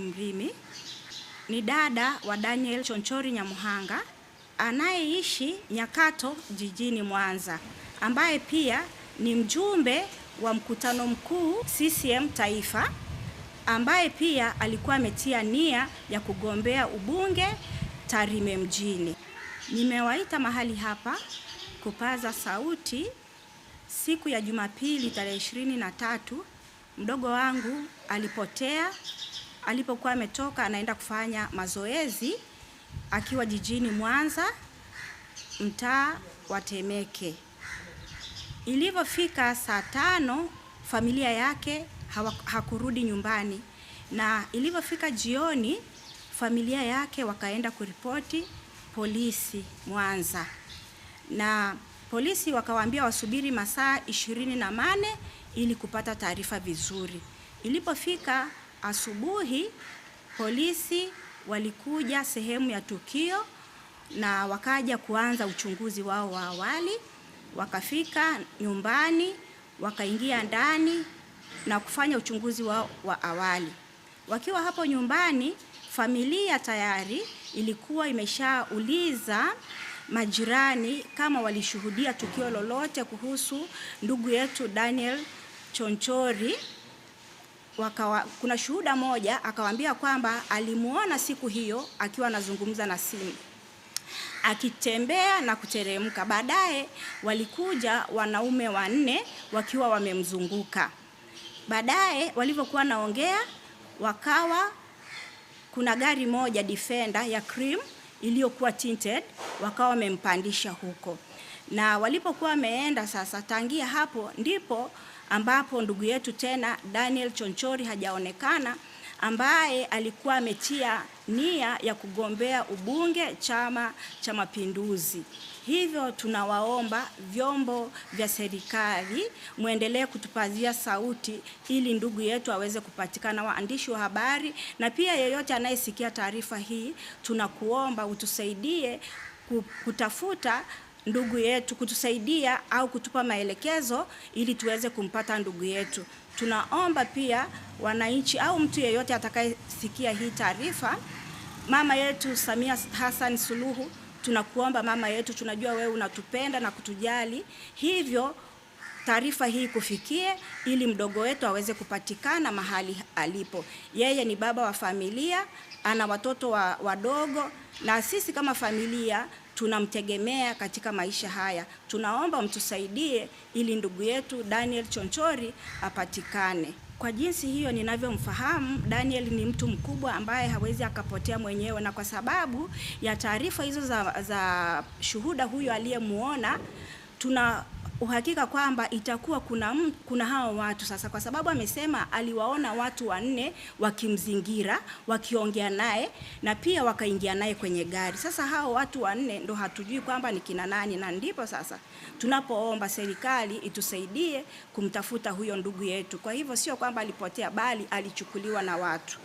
Mrimi ni dada wa Daniel Chonchori Nyamuhanga anayeishi Nyakato jijini Mwanza, ambaye pia ni mjumbe wa mkutano mkuu CCM Taifa, ambaye pia alikuwa ametia nia ya kugombea ubunge Tarime mjini. Nimewaita mahali hapa kupaza sauti siku ya Jumapili tarehe 23 mdogo wangu alipotea alipokuwa ametoka anaenda kufanya mazoezi akiwa jijini Mwanza, mtaa wa Temeke. Ilivyofika saa tano, familia yake hakurudi nyumbani, na ilivyofika jioni, familia yake wakaenda kuripoti polisi Mwanza, na polisi wakawaambia wasubiri masaa ishirini na nane ili kupata taarifa vizuri. Ilipofika Asubuhi polisi walikuja sehemu ya tukio na wakaja kuanza uchunguzi wao wa awali. Wakafika nyumbani, wakaingia ndani na kufanya uchunguzi wao wa awali. Wakiwa hapo nyumbani, familia tayari ilikuwa imeshauliza majirani kama walishuhudia tukio lolote kuhusu ndugu yetu Daniel Chonchori wakawa, kuna shuhuda moja akawaambia kwamba alimuona siku hiyo akiwa anazungumza na simu akitembea na kuteremka. Baadaye walikuja wanaume wanne wakiwa wamemzunguka. Baadaye walivyokuwa naongea, wakawa kuna gari moja Defender ya cream iliyokuwa tinted, wakawa wamempandisha huko, na walipokuwa wameenda sasa, tangia hapo ndipo ambapo ndugu yetu tena Daniel Chonchori hajaonekana ambaye alikuwa ametia nia ya kugombea ubunge Chama cha Mapinduzi. Hivyo tunawaomba vyombo vya serikali mwendelee kutupazia sauti ili ndugu yetu aweze kupatikana. Waandishi wa habari na pia yeyote anayesikia taarifa hii, tunakuomba utusaidie kutafuta ndugu yetu, kutusaidia au kutupa maelekezo ili tuweze kumpata ndugu yetu. Tunaomba pia wananchi au mtu yeyote atakayesikia hii taarifa, mama yetu Samia Hassan Suluhu, tunakuomba mama yetu, tunajua wewe unatupenda na kutujali, hivyo taarifa hii kufikie ili mdogo wetu aweze kupatikana mahali alipo. Yeye ni baba wa familia, ana watoto wadogo wa na sisi kama familia tunamtegemea katika maisha haya. Tunaomba mtusaidie ili ndugu yetu Daniel Chonchori apatikane. Kwa jinsi hiyo ninavyomfahamu, Daniel ni mtu mkubwa ambaye hawezi akapotea mwenyewe, na kwa sababu ya taarifa hizo za, za shuhuda huyo aliyemuona tuna uhakika kwamba itakuwa kuna, kuna hao watu sasa, kwa sababu amesema aliwaona watu wanne wakimzingira wakiongea naye na pia wakaingia naye kwenye gari. Sasa hao watu wanne ndo hatujui kwamba ni kina nani, na ndipo sasa tunapoomba serikali itusaidie kumtafuta huyo ndugu yetu. Kwa hivyo sio kwamba alipotea, bali alichukuliwa na watu.